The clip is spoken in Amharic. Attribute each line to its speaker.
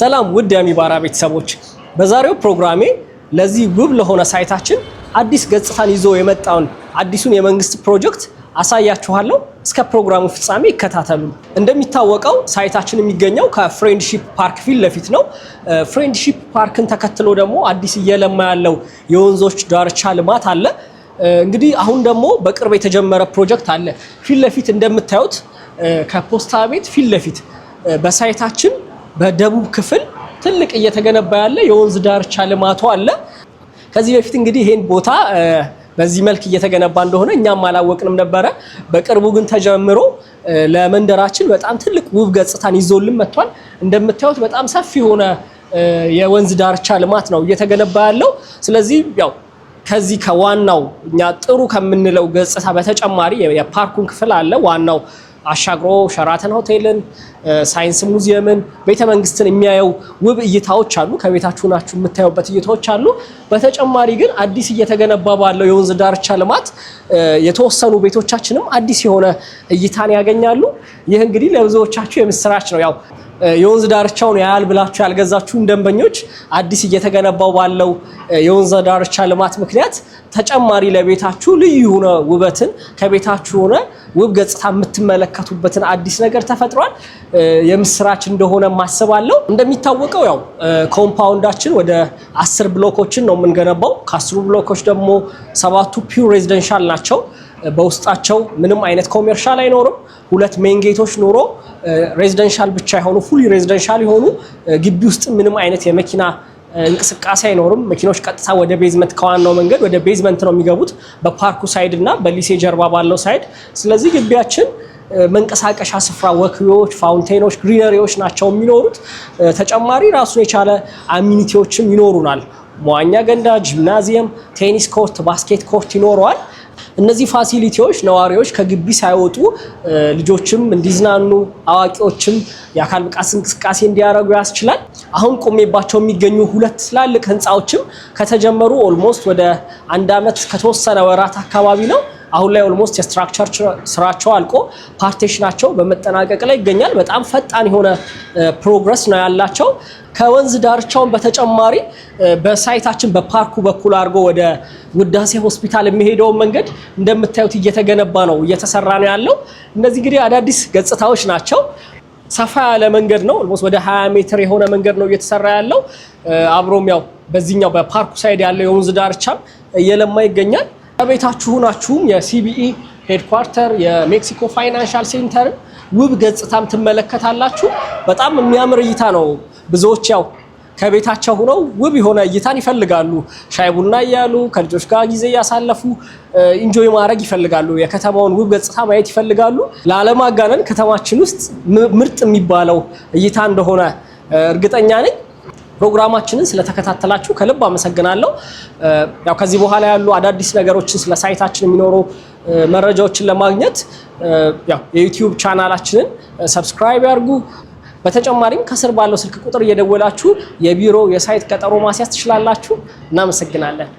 Speaker 1: ሰላም ውድ የሚባራ ቤተሰቦች፣ በዛሬው ፕሮግራሜ ለዚህ ውብ ለሆነ ሳይታችን አዲስ ገጽታን ይዞ የመጣውን አዲሱን የመንግስት ፕሮጀክት አሳያችኋለሁ። እስከ ፕሮግራሙ ፍጻሜ ይከታተሉ። እንደሚታወቀው ሳይታችን የሚገኘው ከፍሬንድሺፕ ፓርክ ፊት ለፊት ነው። ፍሬንድሺፕ ፓርክን ተከትሎ ደግሞ አዲስ እየለማ ያለው የወንዞች ዳርቻ ልማት አለ። እንግዲህ አሁን ደግሞ በቅርብ የተጀመረ ፕሮጀክት አለ። ፊት ለፊት እንደምታዩት ከፖስታ ቤት ፊት ለፊት በሳይታችን በደቡብ ክፍል ትልቅ እየተገነባ ያለ የወንዝ ዳርቻ ልማቱ አለ። ከዚህ በፊት እንግዲህ ይሄን ቦታ በዚህ መልክ እየተገነባ እንደሆነ እኛም አላወቅንም ነበረ። በቅርቡ ግን ተጀምሮ ለመንደራችን በጣም ትልቅ ውብ ገጽታን ይዞልን መጥቷል። እንደምታዩት በጣም ሰፊ የሆነ የወንዝ ዳርቻ ልማት ነው እየተገነባ ያለው። ስለዚህ ያው ከዚህ ከዋናው እኛ ጥሩ ከምንለው ገጽታ በተጨማሪ የፓርኩን ክፍል አለ ዋናው አሻግሮ ሸራተን ሆቴልን፣ ሳይንስ ሙዚየምን፣ ቤተ መንግስትን የሚያየው ውብ እይታዎች አሉ። ከቤታችሁ ናችሁ የምታዩበት እይታዎች አሉ። በተጨማሪ ግን አዲስ እየተገነባ ባለው የወንዝ ዳርቻ ልማት የተወሰኑ ቤቶቻችንም አዲስ የሆነ እይታን ያገኛሉ። ይህ እንግዲህ ለብዙዎቻችሁ የምስራች ነው። ያው የወንዝ ዳርቻውን ያህል ብላችሁ ያልገዛችሁም ደንበኞች አዲስ እየተገነባው ባለው የወንዝ ዳርቻ ልማት ምክንያት ተጨማሪ ለቤታችሁ ልዩ የሆነ ውበትን ከቤታችሁ ሆነ ውብ ገጽታ የምትመለከቱበትን አዲስ ነገር ተፈጥሯል። የምስራች እንደሆነ ማስባለው። እንደሚታወቀው ያው ኮምፓውንዳችን ወደ አስር ብሎኮችን ነው የምንገነባው። ከአስሩ ብሎኮች ደግሞ ሰባቱ ፒውር ሬዚደንሻል ናቸው። በውስጣቸው ምንም አይነት ኮሜርሻል አይኖርም። ሁለት ሜን ጌቶች ኖሮ ሬዚደንሻል ብቻ የሆኑ ፉሊ ሬዚደንሻል የሆኑ ግቢ ውስጥ ምንም አይነት የመኪና እንቅስቃሴ አይኖርም። መኪኖች ቀጥታ ወደ ቤዝመንት ከዋናው መንገድ ወደ ቤዝመንት ነው የሚገቡት በፓርኩ ሳይድ እና በሊሴ ጀርባ ባለው ሳይድ። ስለዚህ ግቢያችን መንቀሳቀሻ ስፍራ፣ ወክዌዎች፣ ፋውንቴኖች፣ ግሪነሪዎች ናቸው የሚኖሩት። ተጨማሪ ራሱን የቻለ አሚኒቲዎችም ይኖሩናል። መዋኛ ገንዳ፣ ጂምናዚየም፣ ቴኒስ ኮርት፣ ባስኬት ኮርት ይኖረዋል። እነዚህ ፋሲሊቲዎች ነዋሪዎች ከግቢ ሳይወጡ ልጆችም እንዲዝናኑ አዋቂዎችም የአካል ብቃት እንቅስቃሴ እንዲያደርጉ ያስችላል። አሁን ቆሜባቸው የሚገኙ ሁለት ትላልቅ ህንፃዎችም ከተጀመሩ ኦልሞስት ወደ አንድ ዓመት ከተወሰነ ወራት አካባቢ ነው። አሁን ላይ ኦልሞስት የስትራክቸር ስራቸው አልቆ ፓርቴሽናቸው በመጠናቀቅ ላይ ይገኛል። በጣም ፈጣን የሆነ ፕሮግረስ ነው ያላቸው። ከወንዝ ዳርቻውን በተጨማሪ በሳይታችን በፓርኩ በኩል አድርጎ ወደ ውዳሴ ሆስፒታል የሚሄደውን መንገድ እንደምታዩት እየተገነባ ነው እየተሰራ ነው ያለው። እነዚህ እንግዲህ አዳዲስ ገጽታዎች ናቸው። ሰፋ ያለ መንገድ ነው። ኦልሞስት ወደ 20 ሜትር የሆነ መንገድ ነው እየተሰራ ያለው። አብሮም ያው በዚህኛው በፓርኩ ሳይድ ያለው የወንዝ ዳርቻም እየለማ ይገኛል። ከቤታችሁ ሆናችሁም የሲቢኢ ሄድኳርተር የሜክሲኮ ፋይናንሻል ሴንተር ውብ ገጽታም ትመለከታላችሁ። በጣም የሚያምር እይታ ነው። ብዙዎች ያው ከቤታቸው ሆነው ውብ የሆነ እይታን ይፈልጋሉ። ሻይ ቡና እያሉ ከልጆች ጋር ጊዜ እያሳለፉ ኢንጆይ ማድረግ ይፈልጋሉ። የከተማውን ውብ ገጽታ ማየት ይፈልጋሉ። ለዓለም አጋነን ከተማችን ውስጥ ምርጥ የሚባለው እይታ እንደሆነ እርግጠኛ ነኝ። ፕሮግራማችንን ስለተከታተላችሁ ከልብ አመሰግናለሁ። ያው ከዚህ በኋላ ያሉ አዳዲስ ነገሮችን ስለ ሳይታችን የሚኖሩ መረጃዎችን ለማግኘት ያው የዩቲዩብ ቻናላችንን ሰብስክራይብ ያርጉ በተጨማሪም ከስር ባለው ስልክ ቁጥር እየደወላችሁ የቢሮ የሳይት ቀጠሮ ማስያዝ ትችላላችሁ። እናመሰግናለን።